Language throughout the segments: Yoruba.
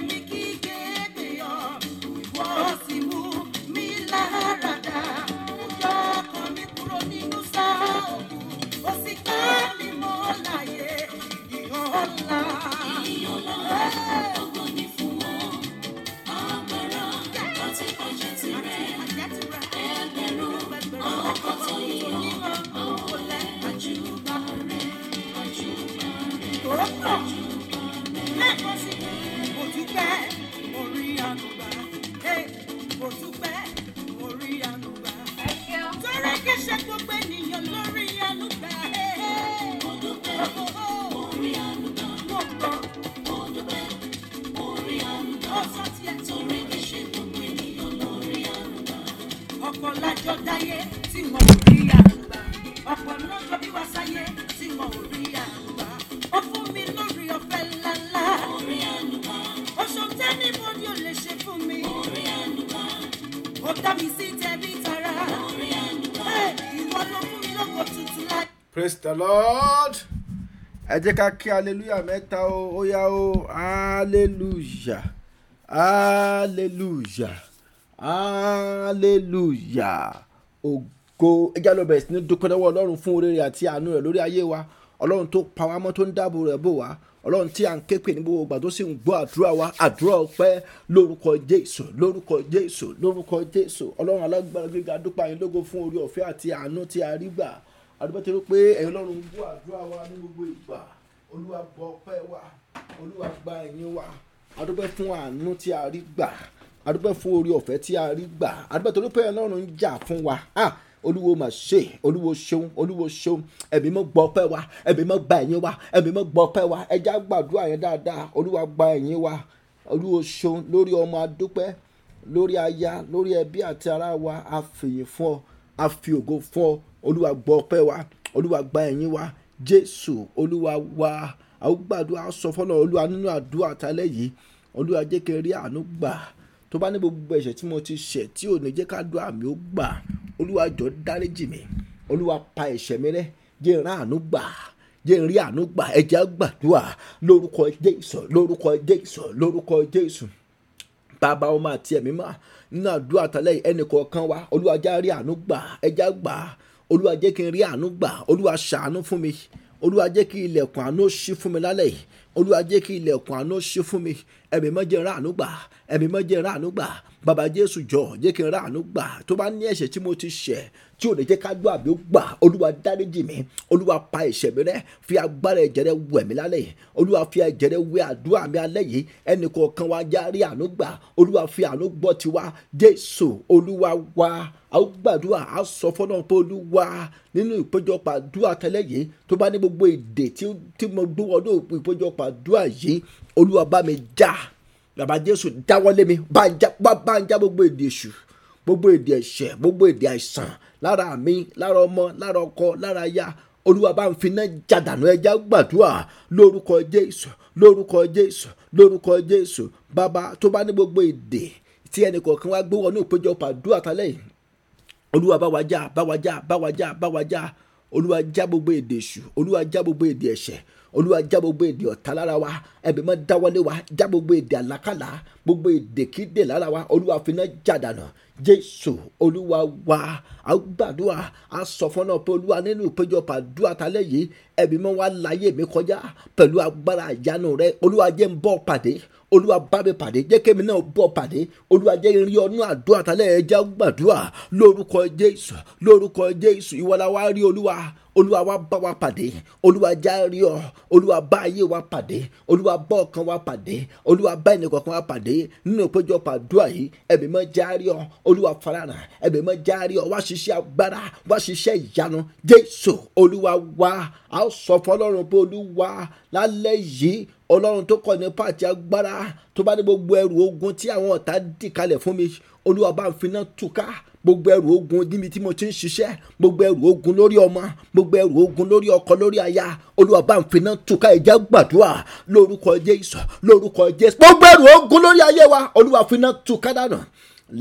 Dominique. praise the lord ẹ jẹ́ ká kí hallelujah mẹ́ta o ó yá o hallelujah hallelujah hallelujah ògo ẹ jẹ́ lọ bẹ̀rẹ̀ sí ní dúpẹ́ lọ́wọ́ ọlọ́run fún oore rẹ̀ àti àánú rẹ̀ lórí ayé wa ọlọ́run tó pa wá mọ́ tó ń dáàbò rẹ̀ bò wá ọlọ́run tí a ń képe ní gbogbo ìgbà tó sì ń gbọ́ àdúrà wa àdúrà ọpẹ́ lórúkọ jésù lórúkọ jésù lórúkọ jésù ọlọ́run alágbára gíga dúpẹ́ àyínlógo fún oore ọ̀fẹ́ àti àánú tí a rí gbà adúbẹ́tẹ̀rọ pé ẹ̀yin ọlọ́run gbọ́ àdúrà wa ní gbogbo ìgbà olúwa gbọ́ ọpẹ́ wa olúwa gba ẹ̀yìn wa adúbẹ́ fún àánú tí a rí gbà adúbẹ́ fún orí ọ̀fẹ́ tí a rí gbà adúbẹ́tẹ̀rọ pé ẹ̀yin ọlọ́run ń jà fún wa ah olúwo mà ṣe olúwo ṣeun olúwo ṣeun ẹ̀mí mọ́ gbọ́ ọpẹ́ wa ẹ̀mí mọ́ gba ẹ̀yìn wa ẹ̀mí mọ́ gbọ́ ọpẹ́ wa ẹja gbàdúrà yẹn dáadáa olúwa gba ẹ̀yìn wa olúwo ṣeun lórí ọmọ adúpẹ́ lórí aya lórí ẹbí àti ará wa a fìyìn fún ọ a fi ògo fún ọ olúwa gbọ́ ọpẹ́ wa olúwa gba ẹ̀yìn wa jésù olúwa wa àwọn gbàdúrà sọ fọlọ olúwa nínú àdúrà tálẹ̀ yìí olúwa jẹ́ kí n rí àánú gbà tó bá ní gbogbo ẹ̀ṣẹ̀ tí mo ti ṣẹ̀ tí ò ní jẹ́ ká dùn àmì ó gbà olúwa jọ dáríjì mi olúwa pa ẹ̀ṣẹ̀ mi rẹ́ jẹ́ n rí àánú gbà jẹ́ rí àánú gbà ẹ̀jẹ̀ gbàdúrà lórúkọ jésù lórúkọ jésù lórúkọ jésù bàbá ọmọ àti ẹ̀mí mà nínú àdúrà tálẹ̀ yìí ẹnì kọ̀ọ̀kan wa olúwa já rí àánú gbà ẹ̀jẹ̀ gbà á olúwa jẹ́ kí n rí àánú gbà olúwa ṣàánú fún mi olúwa jẹ́ kí ilẹ̀kùn àánú ṣí fún mi lálẹ́ yìí olúwa jẹ́ kí ilẹ̀kùn àánú ṣe fún mi ẹ̀mí mọ́ jẹ́ ń ráàánú gbà ẹ̀mí mọ́ jẹ́ ń ráàánú gbà bàbá jésù jọ jẹ́ kí n ráàánú gbà tó bá ní ẹ̀ṣẹ̀ tí mo ti ṣẹ̀ tí ò ní jẹ́ ká gbọ́ àbí ó gbà olúwa dáríjì mi olúwa pa ẹ̀ṣẹ̀ mi rẹ́ fi agbára ẹ̀jẹ̀ rẹ wẹ̀ mí lálẹ́ olúwa fi ẹ̀jẹ̀ rẹ wẹ̀ àdúrà mi alẹ́ yìí ẹnì kọ̀ọ̀kan wa já rí àánú gbà olúwa fi àánú gbọ́ tiwa jésù olúwa wa a ó gbàdúrà a sọ fọ́nà pé olúwa nínú ìpéjọpọ̀ àdúrà tẹ́lẹ̀ yìí tó bá ní gbogbo àdúrà yìí olúwa bá mi já bàbá jésù dáwọ́lé mi bá ń já gbogbo èdè èṣù gbogbo èdè ẹ̀ṣẹ̀ gbogbo èdè àìsàn lára mi lára ọmọ lára ọkọ lára aya olúwa bá ń finá jàdánù ẹja gbàdúrà lórúkọ jésù lórúkọ jésù lórúkọ jésù bàbá tó bá ní gbogbo èdè tí ẹnì kọ̀ọ̀kan wá gbé wọnú ìpéjọpọ̀ àdúrà tálẹ̀ yìí olúwa bá wa já bá wa já bá wa já bá wa já olúwa já gbogbo èdè èṣù olúwa já gbogbo èdè ẹ̀ṣẹ̀ olúwa já gbogbo èdè ọ̀tá lára wa ẹ̀mí mọ́ dáwọ́lé wa já gbogbo èdè àlákàlà gbogbo èdèkídè lára wa olúwa finá jàdánù jésù olúwa wa a gbàdúrà a sọ fọ́nà pé olúwa nínú ìpéjọpọ̀ àdúrà talẹ́ yìí ẹ̀mí mọ́ wa láyé mi kọjá pẹ̀lú agbára àjánu rẹ olúwa jẹ́ ń bọ́ pàdé olúwa bá mi pàdé jẹ́ kémi náà bọ̀ pàdé olúwa jẹ́ irin ọdún àdúrà talẹ́ ẹja gbàdúrà lórúkọ jésù lórúkọ jésù ìwọlá wa rí olúwa olúwa wá bá wa pàdé olúwa járe ọ olúwa bá ayé wa pàdé olúwa bá ọkàn wa pàdé olúwa bá ẹnìkọ̀ọ̀kan wa pàdé nínú ìpéjọpọ̀ àdúrà yìí ẹ̀mí mọ́ járe ọ olúwa farahàn ẹ̀mí mọ́ járe ọ wá ṣiṣẹ́ agbára wá ṣiṣẹ́ ìyanu jésù olúwa wá a sọ fọlọ́run pé olúwa lálẹ́ yìí ọlọ́run tó kọ́ nípa àti agbára tó bá ní gbogbo ẹrù ogun tí àwọn ọ̀tá dì kalẹ̀ fún mi olúwa bá ń finá túká gbogbo ẹrù ogun níbi tí mo ti ń ṣiṣẹ́ gbogbo ẹrù ogun lórí ọmọ gbogbo ẹrù ogun lórí ọkọ lórí aya olúwa bá ń finá túká ẹ̀jẹ̀ gbàdúrà lórúkọ jésù lórúkọ jésù gbogbo ẹrù ogun lórí ayé wa olúwa finá túká dànù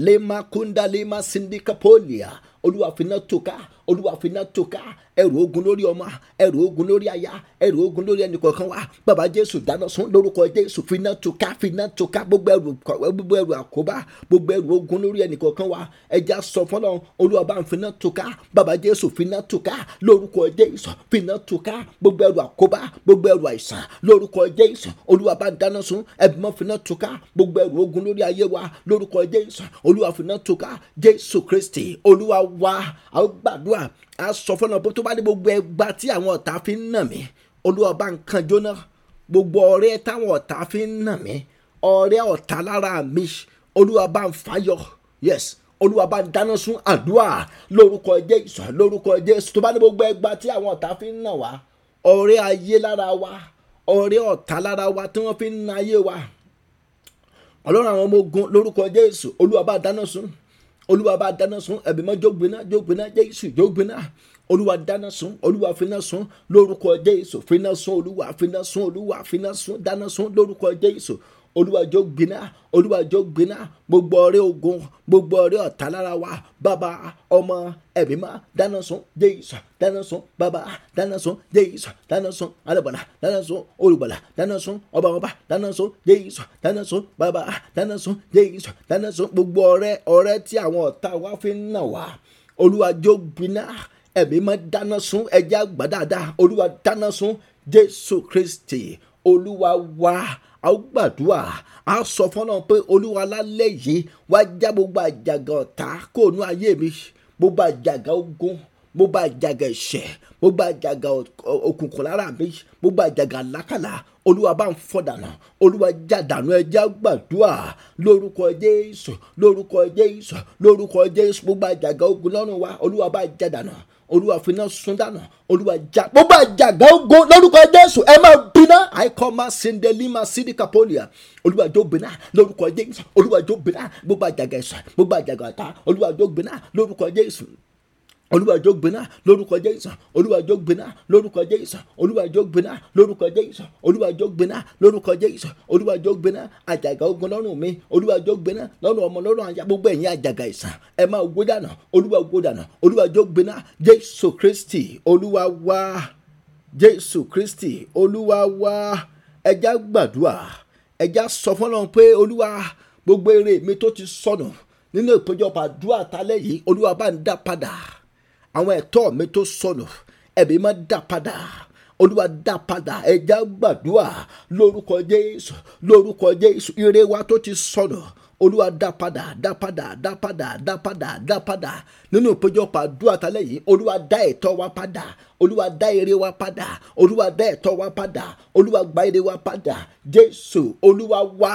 lema kunda lema sindikapolia olúwa finá túká olúwa finá tuka, ẹrù ogun lórí ọmọ ẹrù ogun lórí aya ẹrù ogun lórí ẹnìkọ̀ọ̀kan wa bàbá jésù dáná sun lórúkọ jésù finá tòká finá tòká gbogbo ẹrù gbogbo ẹrù àkóbá gbogbo ẹrù ogun lórí ẹnìkọ̀ọ̀kan wa ẹja sọ fọlọ olúwa bá ń finá tòká bàbá jésù finá tòká lórúkọ jésù finá tòká gbogbo ẹrù àkóbá gbogbo ẹrù àìsàn lórúkọ jésù olúwa bá dáná sun ẹbí mọ́ finá tòká gbogbo ẹrù ogun lórí ayé wa lórúkọ jésù olúwa finá tòká jésù kristi olúwa wa àwọn gbàdúrà olúwa á sọ fọlọ́n pé tó bá dé gbogbo ẹgbà tí àwọn ọ̀tá fi ń nà mí olúwa bá ń kan jóná gbogbo ọ̀rẹ́ táwọn ọ̀tá fi ń nà mí ọ̀rẹ́ ọ̀tá lára mi olúwa bá ń fàyọ yes olúwa bá ń dáná sun àdúrà lórúkọ jésù lórúkọ jésù tó bá dé gbogbo ẹgbà tí àwọn ọ̀tá fi ń nà wá ọ̀rẹ́ ayé lára wa ọ̀rẹ́ ọ̀tá lára wa tí wọ́n fi ń na ayé wa ọlọ́run àwọn ọmọ ogun lórúkọ jésù olúwa bá dáná sun olúwa bá dáná sun ẹ̀bí mọ́ jó gbiná jó gbiná jésù jó gbiná olúwa dáná sun olúwa finá sun lórúkọ jésù finá sun olúwa finá sun olúwa finá sun dáná sun lórúkọ jésù olúwàjọ gbiná olúwàjọ gbiná gbogbo ọrẹ ogun gbogbo ọrẹ ọ̀tá lára wa bàbá ọmọ ẹ̀mí má dáná sun jésù dáná sun bàbá dáná sun jésù dáná sun alẹ́bọ̀là dáná sun olùgbàlà dáná sun ọba ọba dáná sun jésù dáná sun bàbá dáná sun jésù dáná sun gbogbo ọrẹ ọrẹ tí àwọn ọ̀tá wa fi ń nà wá olúwàjọ gbiná ẹ̀mí má dáná sun ẹ̀jẹ̀ àgbà dáadáa olúwa dáná sun jésù kristi olúwa wá a ó gbàdúrà a sọ fọ́nà pé olúwa lálẹ́ yìí wá já gbogbo àjàgà ọ̀tá kó o nú ayé mi gbogbo àjàgà ogun gbogbo àjàgà ẹ̀ṣẹ̀ gbogbo àjàgà òkùnkùn lára mi gbogbo àjàgà lákàlà olúwa bá ń fọdànà olúwa jàdànù ẹja gbàdúrà lórúkọ jésù lórúkọ jésù lórúkọ jésù gbogbo àjàgà ogun lọ́rùn wa olúwa bá jàdànù olúwa finá sun dànù olúwa jà gbogbo àjàgà ogun lórúkọ jésù ẹ máa bínà àìkọ́ máa sendelima sídìkàpọ́lìà olúwa jó bínà lórúkọ jésù olúwa jó bínà gbogbo àjàgà ẹ̀sán gbogbo àjàgà ọ̀tá olúwa jó bínà lórúkọ jésù olúwàjọ gbéná lórúkọ jésù olúwàjọ gbéná lórúkọ jésù olúwàjọ gbéná lórúkọ jésù olúwàjọ gbéná lórúkọ jésù olúwàjọ gbéná àjàgà ogun lọ́rùn mi olúwàjọ gbéná lọ́rùn ọmọ lọ́rùn aya gbogbo ẹ̀yin àjàgà ìsàn ẹ máa wó dànù olúwa wó dànù olúwàjọ gbéná jésù kristi olúwa wá jésù kristi olúwa wá ẹjá gbàdúrà ẹjá sọ fọlọ́n ti sọnù nínú ìpéjọpọ̀ àdúrà talẹ́ yìí olúwa bá ń àwọn ẹ̀tọ́ mi tó sọnù ẹ̀mí máa dá padà olúwa dá padà ẹja gbàdúrà lórúkọ jésù lórúkọ jésù ire wa tó ti sọnù olúwa dá padà dá padà dá padà dá padà dá padà nínú ìpéjọpọ̀ àdúrà tálẹ̀ yìí olúwa dá ẹ̀tọ́ wa padà olúwa dá ire wa padà olúwa dá ẹ̀tọ́ wa padà olúwa gba ire wa padà jésù olúwa wá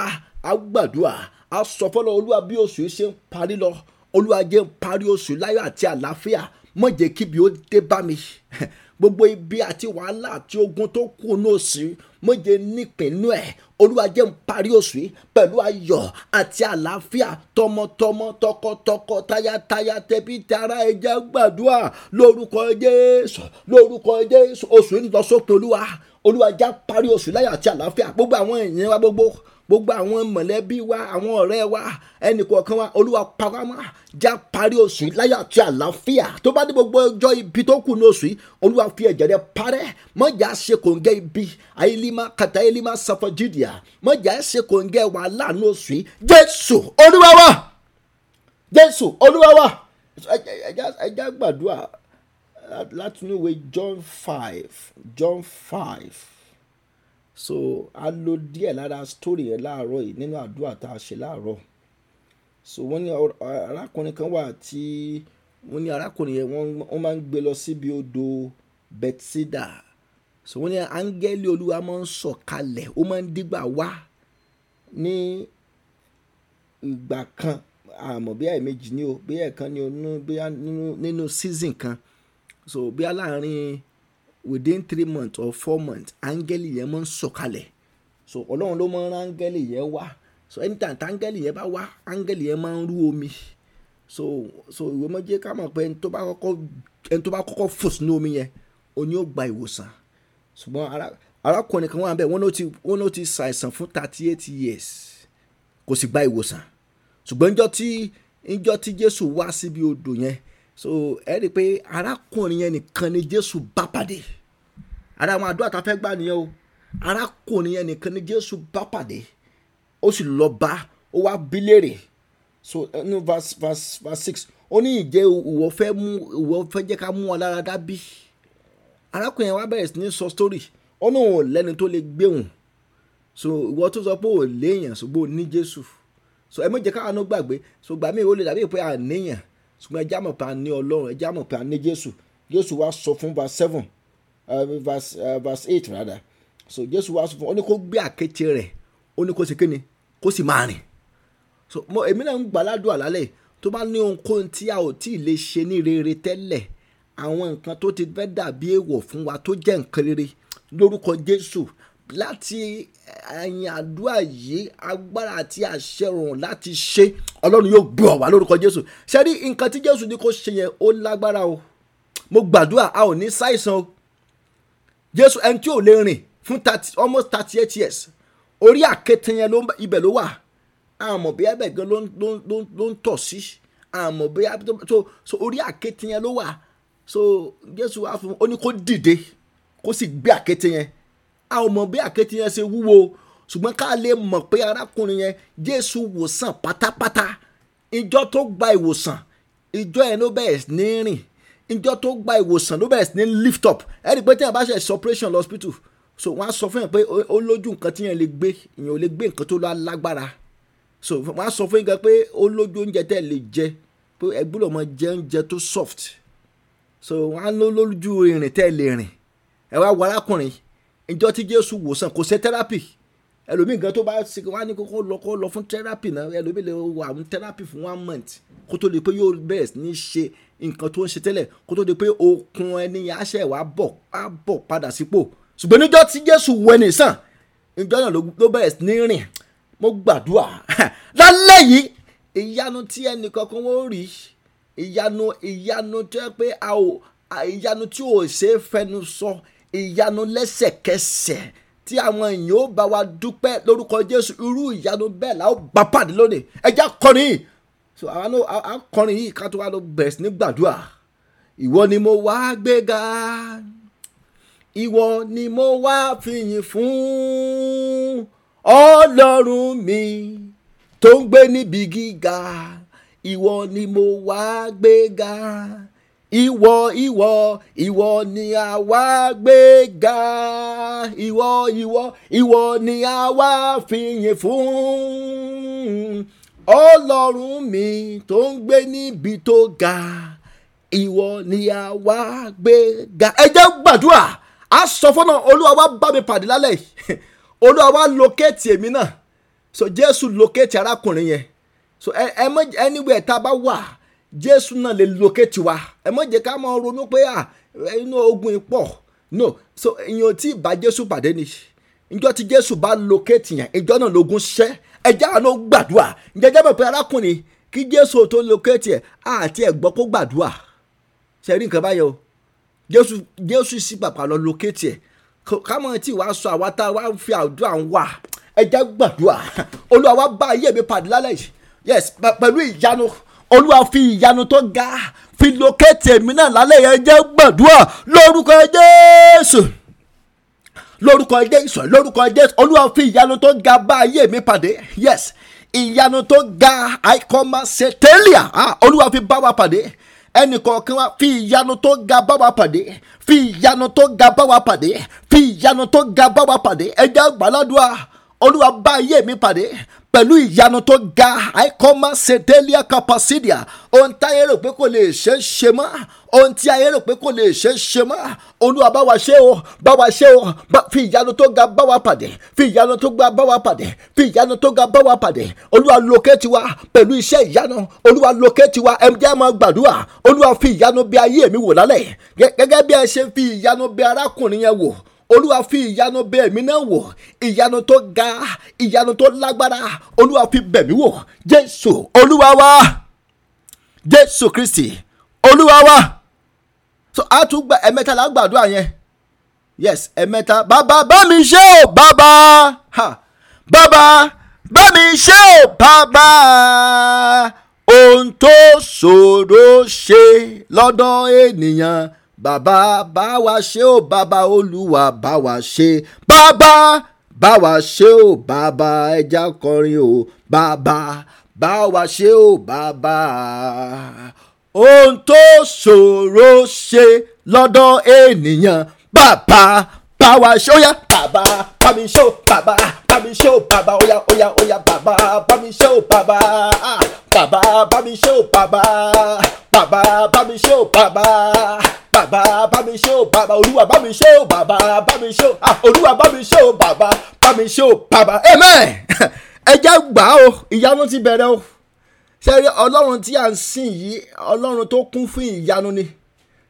agbàdúrà a sọ fọlọ olúwa bí oṣù ṣe ń parí lọ olúwa jẹ́ ń parí oṣù láyọ̀ àti àlàáfíà mọ̀ jẹ́ kíbi ó dé bá mi gbogbo ibi àti wàhálà àti ogun tó kù ní òsì mọ̀ jẹ́ nípìnú ẹ̀ olúwa jẹ́ n parí oṣù yìí pẹ̀lú ayọ̀ àti àlàáfíà tọmọtọmọ tọkọtọkọ tayataya tẹbí tara ẹja gbàdúrà lórúkọ jésù lórúkọ jésù oṣù yìí ń lọ sópin olúwa olúwa parí oṣù láyọ̀ àti àlàáfíà gbogbo àwọn èèyàn wa gbogbo gbogbo àwọn mọ̀lẹ́bí wa àwọn ọ̀rẹ́ wa ẹnìkọ̀ọ̀kan wa olúwa pàwọ́mọ́ já parí oṣù yìí láyà àti àlàáfíà tó bá dé gbogbo ọjọ́ ibi tó kù ní oṣù yìí olúwa fi ẹ̀jẹ̀ rẹ parẹ́ mọ̀jà ṣe kòǹgẹ́ ibi ayélima kàtà ayélima sàfọ̀jìdìà mọ̀jà ṣe kòǹgẹ́ wàhálà ní oṣù yìí jésù olúwa wa jésù olúwa wa ẹja gbàdúrà látinúwe john five john five so a lo díẹ̀ lára story yẹn láàárọ̀ yìí nínú àdúrà tá a ṣe láàárọ̀ so wọ́n ní arákùnrin kan wà tí wọ́n ní arákùnrin yẹn wọ́n máa ń gbé lọ síbi odò Bethesda so wọ́n ní áńgẹ́lì olúwa máa ń sọ̀kalẹ̀ ó máa ń dígbà wá ní ìgbà kan àmọ́ bí ẹ̀ẹ̀mejì ni o bí ẹ̀ẹ̀kan ni o nínú season kan so bí a láàrin within three months or four months Angeli yẹn máa ń sọ̀kalẹ̀ so ọlọ́run ló máa ń rán áńgẹ́lì yẹn wá so anytime tí áńgẹ́lì yẹn bá wá áńgẹ́lì yẹn máa ń rú omi so so ìwé máa jẹ́ ká mọ̀ pé ẹni tó bá kọ́kọ́ ẹni tó bá kọ́kọ́ fò sínú omi yẹn òun yóò gba ìwòsàn ṣùgbọ́n arákùnrin kan wà bẹ́ẹ̀ wọ́n ló ti ṣàìsàn fún thirty eight years kò sì gba ìwòsàn ṣùgbọ́n níjọ́ tí níjọ́ tí Jésù wá síbi odò yẹn so ẹ rí i pé arákùnrin yẹn nìkan ni jésù bá pàdé ara àwọn àdúrà tá a fẹ́ gbà nìyẹn o arákùnrin yẹn nìkan ni jésù bá pàdé ó sì lọ bá ó wá bi so ní verse verse verse six ó ní ìjẹ́ ìwọ fẹ́ mú ìwọ fẹ́ jẹ́ ká mú ọ lára bí arákùnrin yẹn wá bẹ̀rẹ̀ sí ní sọ story ó náà ò lẹ́ni tó lè gbéhùn so ìwọ tó sọ pé ò léèyàn ṣùgbọ́n ò ní jésù so ẹ mọ̀ jẹ́ káwọn náà gbàgbé so gbàmí ò lè dàbí pé à ṣùgbọ́n ẹja mọ̀ pé a ní ọlọ́run ẹja mọ̀ pé a ní jésù jésù wá sọ fún verse seven uh, uh, verse eight rather so jésù wá sọ fún ọ ní kó gbé àkéte rẹ̀ ó ní kó ṣe kíni kó sì máa rìn so mo èmi náà ń gbàládùn àlálẹ̀ tó bá ní ohunkóhun tí a ò tí ì lè ṣe ní rere tẹ́lẹ̀ àwọn nǹkan tó ti fẹ́ dàbí èèwọ̀ fún wa tó jẹ́ nǹkan rere lórúkọ jésù láti ẹ̀yìn eh, àdúrà yìí agbára àti àṣẹ rọrùn láti ṣe ọlọ́run yóò gbé ọ wá lórúkọ jésù ṣe rí nǹkan tí jésù ní kó ṣe yẹn ó lágbára o mo gbàdúrà a ò ní ṣàìsàn o jésù ẹni tí ò lè rìn fún almost thirty eight years orí àkéte yẹn ibẹ̀ ló wà àmọ́ bí ẹbẹ̀ gan ló ń tọ̀ sí àmọ́ bí so orí àkéte yẹn ló wà so jésù wá fún un ó ní kó dìde kó sì gbé àkéte yẹn a ò mọ̀ bí àkẹ́tì yẹn ṣe wúwo ṣùgbọ́n ká lè mọ̀ pé arákùnrin yẹn Jésù wòsàn pátápátá ìjọ tó gba ìwòsàn ìjọ yẹn ló bẹ̀rẹ̀ ní rìn ìjọ tó gba ìwòsàn ló bẹ̀rẹ̀ sí ní lift up ẹ̀rí pé tí yẹn bá ṣe operation hospital so wọ́n á sọ fún yẹn pé ó lójú nǹkan tí yẹn lè gbé yẹn ò lè gbé nǹkan tó lọ lágbára so wọ́n á sọ fún yẹn pé ó lójú oúnjẹ tẹ́ lè jẹ pé ẹ mọ jẹ oúnjẹ tó soft so wọ́n á lójú ìrìn tẹ́ lè rìn ẹ wá wọ arákùnrin ìjọ tí jésù wòsàn kò ṣe tẹ́rápì ẹlòmíì gan tó bá ṣe wá ní kókó lọ kó lọ fún tẹ́rápì náà ẹlòmíì lè wà ní tẹ́rápì fún one month kó tó di pé yóò bẹ̀rẹ̀ ní ṣe nǹkan tó ń ṣe tẹ́lẹ̀ kó tó di pé okun ẹni aṣẹ́ wa bọ̀ á bọ̀ padà sípò ṣùgbọ́n níjọ́ tí jésù wọ ẹni sàn ìjọ náà ló bẹ̀rẹ̀ ní rìn mo gbàdúrà lálẹ́ yìí ìyanu tí ẹnì kankan wọ́n rí ìyanu ìyanu tó yẹ pé a ò ìyanu tí ò ṣe é fẹnu sọ ìyanu lẹ́sẹ̀kẹsẹ̀ tí àwọn èèyàn ó bá wa dúpẹ́ lórúkọ Jésù irú ìyanu bẹ́ẹ̀ la ó bá pàdé lónìí ẹja kọrin so àwa náà à ń kọrin yìí ká tó wá lọ bẹ̀rẹ̀ sí ní gbàdúrà ìwọ ni mo wá gbéga ìwọ ni mo wá fìyìn fún ọlọ́run mi tó ń gbé níbi gíga ìwọ ni mo wá gbéga ìwọ ìwọ ìwọ ni àwa gbé ga ìwọ ìwọ ìwọ ni àwa fìyìn fún ọlọ́run mi tó ń gbé níbi tó ga ìwọ ni àwa gbé ga ẹ jẹ́ gbàdúrà a sọ fọ́nà olúwa wa bá mi pàdé lálẹ́ olúwa wa lókèétì èmi náà so jésù lókèétì arákùnrin yẹn so ẹ ẹ mọ anywhere tá a bá wà jésù náà lè locate wa ẹ mọ̀ jẹ́ ká máa ronú pé à inú ogun pọ̀ no so èèyàn tí ì bá jésù pàdé ni ìjọ tí jésù bá locate yẹn ìjọ náà lógun ṣẹ́ ẹjẹ́ àánú gbàdúrà jẹjẹ́ mọ̀ pé arákùnrin kí jésù tó locate ẹ̀ àti ẹ̀gbọ́n kó gbàdúrà ṣe rí nǹkan báyọ̀ jésù jésù sì pàpà lọ locate ẹ̀ kámọ̀ tí wàá sọ àwa tá a wá fi àdúrà ń wà ẹjẹ́ gbàdúrà olúwa wá bá ayé mi pàdé lálẹ́ yìí yes pẹ̀lú ìyanu olúwa fi ìyanu tó ga fi lókètì èmi náà lálẹ́ yẹn jẹ́ gbàdúrà lórúkọ jésù lórúkọ jésù lórúkọ jésù olúwa fi ìyanu tó ga bá ayé mi pàdé yes ìyanu tó ga àìkọ́mọ sẹtẹ́lìà ah, olúwa fi bá wa pàdé ẹnì kọ̀ọ̀kan wa fi ìyanu tó ga bá wa pàdé fi ìyanu tó ga bá wa pàdé fi ìyanu tó ga bá wa pàdé ẹjẹ́ gbàládùá olúwa bá ayé mi pàdé pẹ̀lú ìyanu tó ga àìkọ́má sedelia capasidia ohun tí ayé rò pé kò lè ṣe é ṣe mọ́ ohun tí ayé rò pé kò lè ṣe é ṣe mọ́ olúwa bá ṣe o bá ṣe o fi ìyanu tó ga bá pàdé fi ìyanu tó ga bá wa pàdé fi ìyanu tó ga bá wa pàdé olúwa lókèétì wa pẹ̀lú iṣẹ́ ìyanu olúwa lókèétì wa ẹ jẹ́ máa gbàdúrà olúwa fi ìyanu bí ayé mi wò lálẹ́ gẹ́gẹ́ bí ẹ ṣe fi ìyanu bí arákùnrin yẹn wò olúwa fi ìyanu bẹ̀ mí náà wò ìyanu tó ga ìyanu tó lágbára olúwa fi bẹ̀ mí jésù olúwa wa jésù kristi olúwa wa so a tún gba ẹ̀mẹ́ta la yẹn yes ẹ̀mẹ́ta bàbá bá mi ṣe o bàbá ha bàbá bá mi ṣe o bàbá ohun tó ṣòro ṣe lọ́dọ̀ ènìyàn bàbá bá wa ṣe ó bàbá olúwa bá wa ṣe bàbá bá wa ṣe ó bàbá ẹja kọrin ó bàbá bá wa ṣe ó bàbá ohun tó ṣòro ṣe lọ́dọ̀ ènìyàn bàbá bá wa ṣe ó yá bàbá bá mi ṣe ó bàbá bá mi ṣe ó bàbá ó yá ó yá ó yá bàbá bá mi ṣe ó bàbá bàbá bá mi ṣe ó bàbá bàbá bá mi ṣe ó bàbá bàbá bá mi bàbá olúwa bá mi bàbá bá mi olúwa bá mi bàbá bá mi bàbá amen ẹ jẹ́ gbà ó ìyanu ti bẹ̀rẹ̀ o sẹ́rí ọlọ́run tí à ń sìn yìí ọlọ́run tó kún fún ìyanu ni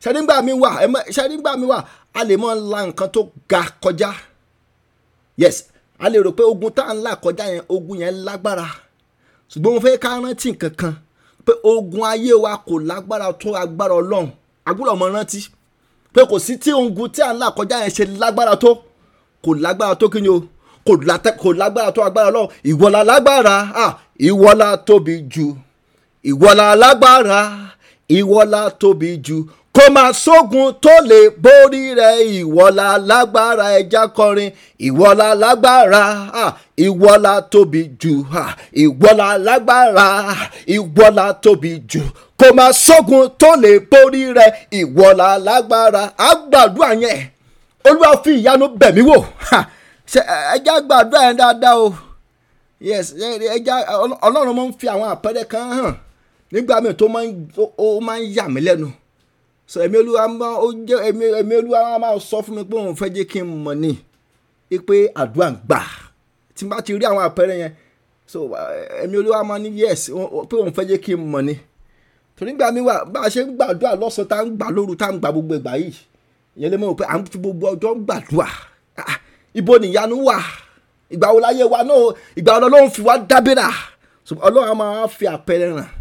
sẹ́rí ńgbà mi wà sẹ́rí ńgbà mi wà a lè mọ la nǹkan tó ga kọjá yes a lè rò pé ogun tá à ń là kọjá yẹn ogun yẹn lágbára ṣùgbọ́n mo fẹ́ ká rántí nǹkan kan pé ogun ayé wa kò lágbára tó agbára ọlọ́run agbúrò ọmọ rántí pé kò sí tí ogun tí à ń là kọjá yẹn ṣe lágbára tó kò lágbára tó kí ni o kò lágbára tó agbára ọlọ́run ìwọlá lágbára ah ìwọlá tóbi jù ìwọlá lágbára ìwọlá tóbi jù kò máa sógun tó lè borí rẹ̀ ìwọ́lá lágbára ẹja kọrin ìwọ́lá lágbára ìwọ́lá tóbi jù ìwọ́lá lágbára ìwọ́lá tóbi jù kò máa sógun tó lè borí rẹ̀ ìwọ́lá lágbára àgbàdua yẹn olúwa fi ìyanu bẹ̀mí wò ẹja gbàdúrà yẹn dáadáa o yes ẹja ọlọ́run máa ń fi àwọn àpẹẹrẹ kan hàn nígbà míì tó máa ń yà mí lẹ́nu so ẹ̀mí olúwa máa ó jẹ́ ẹ̀mí ẹ̀mí olúwa máa sọ fún mi pé òun fẹ́ jẹ́ kí n mọ̀ ni pé àdúrà ń gbà tí n bá ti rí àwọn àpẹẹrẹ yẹn so ẹ̀mí olúwa máa ní yes pé òun fẹ́ jẹ́ kí n mọ̀ ni torí gbà mí wà bá a ṣe ń gbàdúrà lọ́sàn-án tá ń gbà lóru tá ń gbà gbogbo ìgbà yìí ìyẹn lè mọ̀ pé à ń fi gbogbo ọjọ́ ń gbàdúrà ah, ibo nìyanu wà ìgbà wo láyé wa náà ìgbà wo lọ́lọ́run fi wá dábìrà ọlọ́run máa fi àpẹẹrẹ ràn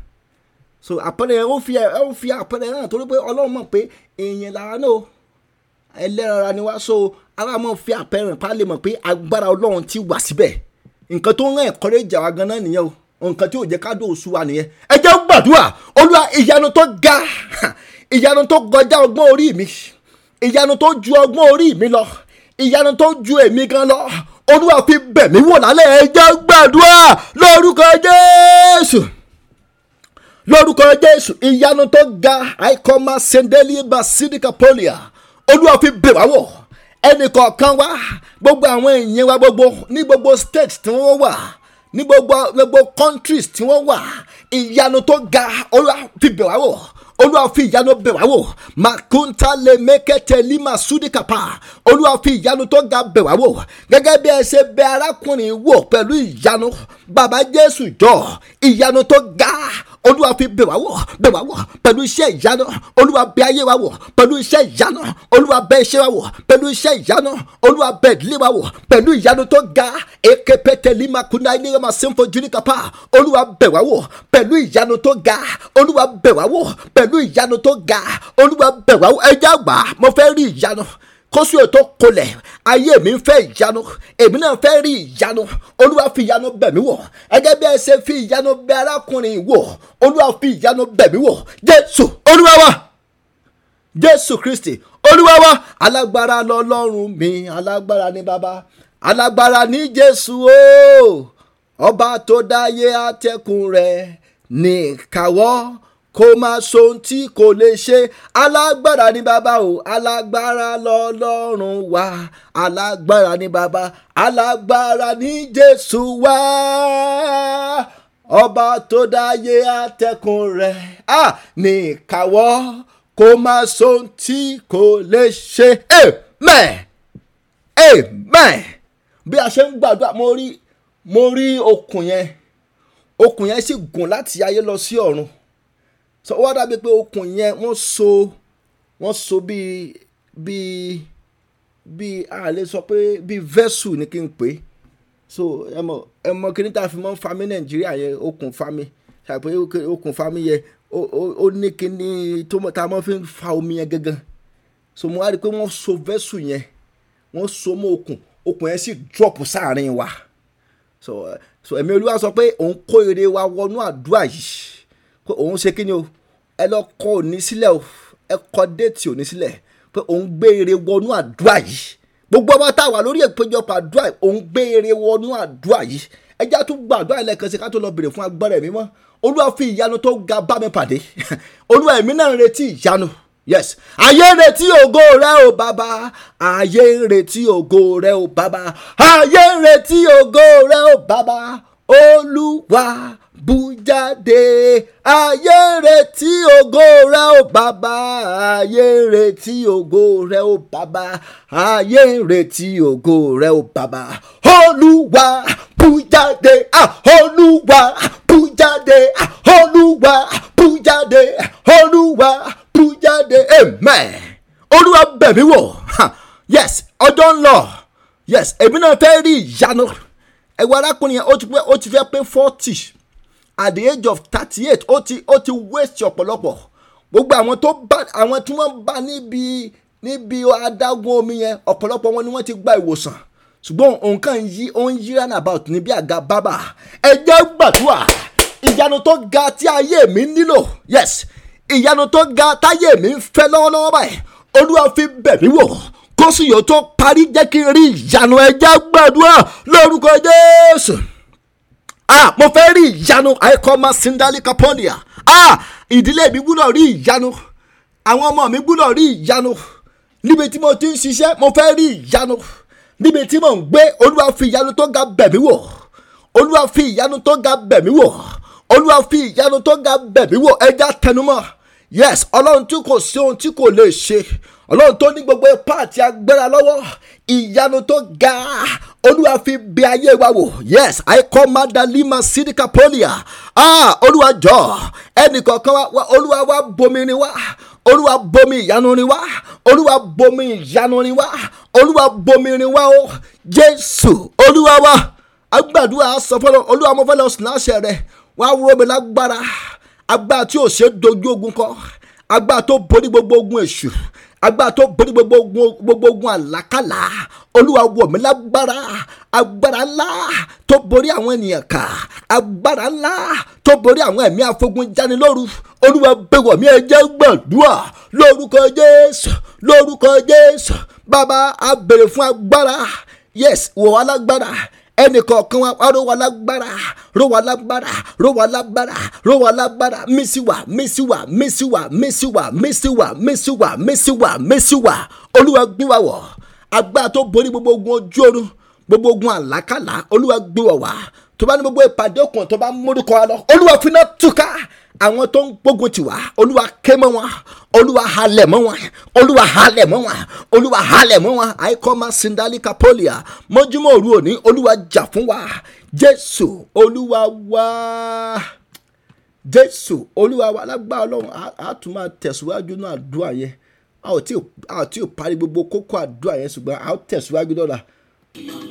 so àpẹẹrẹ yẹn ó fi ẹ ó fi àpẹẹrẹ yẹn hàn torí pé ọlọ́run mọ̀ pé èèyàn lára náà ẹlẹ́rara ni wá so ara mọ̀ fi àpẹẹrẹ pa lè mọ̀ pé agbára ọlọ́run ti wà síbẹ̀ nǹkan tó ń rán ẹ̀kọ́ rẹ̀ jà wá gan-an nìyẹn o nǹkan tí ò jẹ́ ká dòwò sú wa nìyẹn ẹ jẹ́ gbàdúrà olúwa ìyanu tó ga ìyanu tó gọjá ọgbọ́n orí mi ìyanu tó ju ọgbọ́n orí mi lọ ìyanu tó ju èmi gan lọ olúwa fi bẹ̀ mí wò lálẹ́ ẹ jẹ́ gbàdúrà lórúkọ jésù lórúkọ jésù ìyanu tó ga àìkọ́má sendeli basidika polia olúwa fi bẹ̀ wá wọ̀ ẹnìkọ̀ọ̀kan wa gbogbo àwọn èèyàn wa gbogbo ní gbogbo state tí wọ́n wà ní gbogbo gbogbo countries tí wọ́n wà ìyanu tó ga olúwa fi bẹ̀ wá wọ̀ olúwa fi ìyanu bẹ̀ wá wò makunta lè mẹ́kẹ́tẹ̀ lima sudikapa olúwa fi ìyanu tó ga bẹ̀ wá wò gẹ́gẹ́ bí ẹ ṣe bẹ̀ arákùnrin wò pẹ̀lú ìyanu bàbá jésù jọ ìyanu tó ga olúwa fi bẹ̀ wá wò bẹ̀ wá wò pẹ̀lú iṣẹ́ ìyanu olúwa bẹ̀ ayé wa wò pẹ̀lú iṣẹ́ ìyanu olúwa bẹ̀ iṣẹ́ wa wò pẹ̀lú iṣẹ́ ìyanu olúwa bẹ̀ ìdílé wa wò pẹ̀lú ìyanu tó ga èké pété lima kuna ilé ma ṣe ń fojú ní kápá olúwa bẹ̀ wá wò pẹ̀lú ìyanu tó ga olúwa bẹ̀ wá wò pẹ̀lú ìyanu tó ga olúwa bẹ̀ wá wò ẹjẹ́ àgbà mo fẹ́ rí ìyanu kóṣù ètò kolẹ̀ ayé mi ń fẹ́ ìyanu èmi náà fẹ́ rí ìyanu olúwa fi ìyanu bẹ̀ mí wò ẹgẹ́ bí ẹ ṣe fi ìyanu bẹ̀ arákùnrin wò olúwa fi ìyanu bẹ̀ mí wò jésù olúwa wa jésù kristi olúwa wa alágbára lọ́lọ́run mi alágbára ni baba alágbára ni jésù o ọba tó dáyé atẹ́kùn rẹ̀ ní ìkàwọ́ kò máa sohun tí kò lè ṣe alágbára ni bàbá o alágbára lọ́lọ́run wa alágbára ni bàbá alágbára ni Jésù wa ọba tó dáyé atẹ́kùn rẹ̀ a ní ìkáwọ́ kò máa sohun tí kò lè ṣe amen amen bí a ṣe ń gbàdúrà mo rí mo rí okùn yẹn okùn yẹn sì gùn láti ayé lọ sí ọ̀run so ó wá dàbí pé okùn yẹn wọ́n so wọ́n so bíi bíi bíi a lè sọ pé bíi vessel ni kí n pè é so ẹ mọ ẹ mọ kí ní ta fi mọ ń fa mi nàìjíríà yẹn okùn fa mi ṣàpè okùn fa mi yẹn ó ní kí ní tó mọ ta mọ fi ń fa omi yẹn gangan so mo wá rí i pé wọ́n so vessel yẹn wọ́n so mọ́ okùn okùn yẹn sì drop sáàrin wa so so ẹ̀mí olúwa sọ pé òun kó ire wa wọnú àdúrà yìí pé òun ṣe kí ni o ẹ lọ kọ òní sílẹ̀ o ẹ kọ déètì òní sílẹ̀ pé òun gbé ire wọnú àdúrà yìí gbogbo ọba tá a wà lórí ìpéjọpọ̀ àdúrà yìí òun gbé ire wọnú àdúrà yìí ẹjẹ́ àtún gba àdúrà yìí lẹ́ẹ̀kan sí ká tó lọ bèrè fún agbára ẹ̀mí mọ́ olúwa fi ìyanu tó ga bá mi pàdé olúwa ẹ̀mí náà retí ìyanu yes ayé retí ògo rẹ o bàbá ayé retí ògo rẹ o bàbá ayé retí ògo rẹ o bàbá olúwa bú jáde ayé retí ògo rẹ ó bàbá ayé retí ògo rẹ ó bàbá ayé retí ògo rẹ ó bàbá olúwa bú ah, ah, jáde olúwa bú jáde olúwa bú jáde olúwa bú jáde amen olúwa bẹ̀ mí yes ọjọ́ ń lọ yes èmi náà fẹ́ rí ìyanu ẹ̀wọ̀ arákùnrin yẹn ó ti fẹ́ pé forty at the age of thirty eight ó ti ó ti waste ọ̀pọ̀lọpọ̀ gbogbo àwọn tó bá àwọn tí wọ́n bá níbi níbi adágún omi yẹn ọ̀pọ̀lọpọ̀ wọn ni wọ́n ti gba ìwòsàn ṣùgbọ́n nǹkan yí ó ń yí round about níbi àga bábà ẹ jẹ́ gbàdúrà ìyanu tó ga tí ayé mi nílò yes ìyanu tó ga táyé mi ń fẹ́ lọ́wọ́lọ́wọ́ báyìí olúwa fi bẹ̀ mí wò kó sì yóò tó parí jẹ́ kí n rí ìyanu ẹ gbàdúrà lórúkọ Jésù ah mo fẹ́ rí ìyanu àìkọ́mọ sindali kaponia ah ìdílé mi gbúdọ̀ rí ìyanu àwọn ọmọ mi gbúdọ̀ rí ìyanu níbi tí mo ti ń ṣiṣẹ́ mo fẹ́ rí ìyanu níbi tí mò ń gbé olúwa fi ìyanu tó ga bẹ̀ mí wò olúwa fi ìyanu tó ga bẹ̀ wò olúwa fi ìyanu tó ga bẹ̀ wò ẹja tẹnumọ́ yes ọlọ́run tí kò sí ohun tí kò lè ṣe ọlọ́run tó ní gbogbo ipá àti agbára lọ́wọ́ ìyanu tó ga olúwa fi bí ayé wa wò yes àìkọ́ madalima sidika polia ah olúwa jọ ẹnìkọ̀ọ̀kan wa olúwa wa bomi ni wa olúwa bomi ìyanu ni wa olúwa bomi ìyanu ni wa olúwa bomi ni wa o jésù olúwa wa agbàdúrà sọ fọlọ olúwa mo fẹ́ lọ sùn láṣẹ rẹ wàá wúrọ̀ mi lágbára agbára tí ò ṣe dojú ogun kọ agbára tó borí gbogbo ogun èṣù agbára tó borí gbogbo ogun gbogbo ogun àlákàlà olúwa wọ̀ mí lágbára agbára ńlá tó borí àwọn ènìyàn kà agbára ńlá tó borí àwọn ẹ̀mí afogunjánilóru olúwa bẹ̀wọ̀ mí ẹ jẹ́ gbàdúrà lórúkọ jésù lórúkọ jésù bàbá a fún agbára yes wọ̀ alágbára ẹnìkọ̀ọ̀kan wa ró wa lágbára ró wa lágbára ró wa lágbára ró wa lágbára mísíwà mísíwà mísíwà mísíwà mísíwà mísíwà mísíwà mísíwà olúwa gbé wa wọ̀ agbára tó borí gbogbo ogun ojú oorun gbogbo ogun àlákàlà olúwa gbé wa tó bá ní gbogbo ìpàdé òkun tó bá mórúkọ wa lọ olúwa fi iná túká àwọn tó ń gbógun tì wá olúwa ké mọ́ wọn olúwa halẹ̀ mọ́ wọn olúwa halẹ̀ mọ́ wọn olúwa halẹ̀ mọ́ wọn àìkọ́má sindalika polia mọ́júmọ́ òru òní olúwa jà fún wa jésù olúwa wá jésù olúwa wá lágbára ọlọ́run á tún máa tẹ̀síwájú náà àdúrà yẹn a ò tí ì parí gbogbo kókó àdúrà yẹn ṣùgbọ́n a tẹ̀síwájú lọ́la.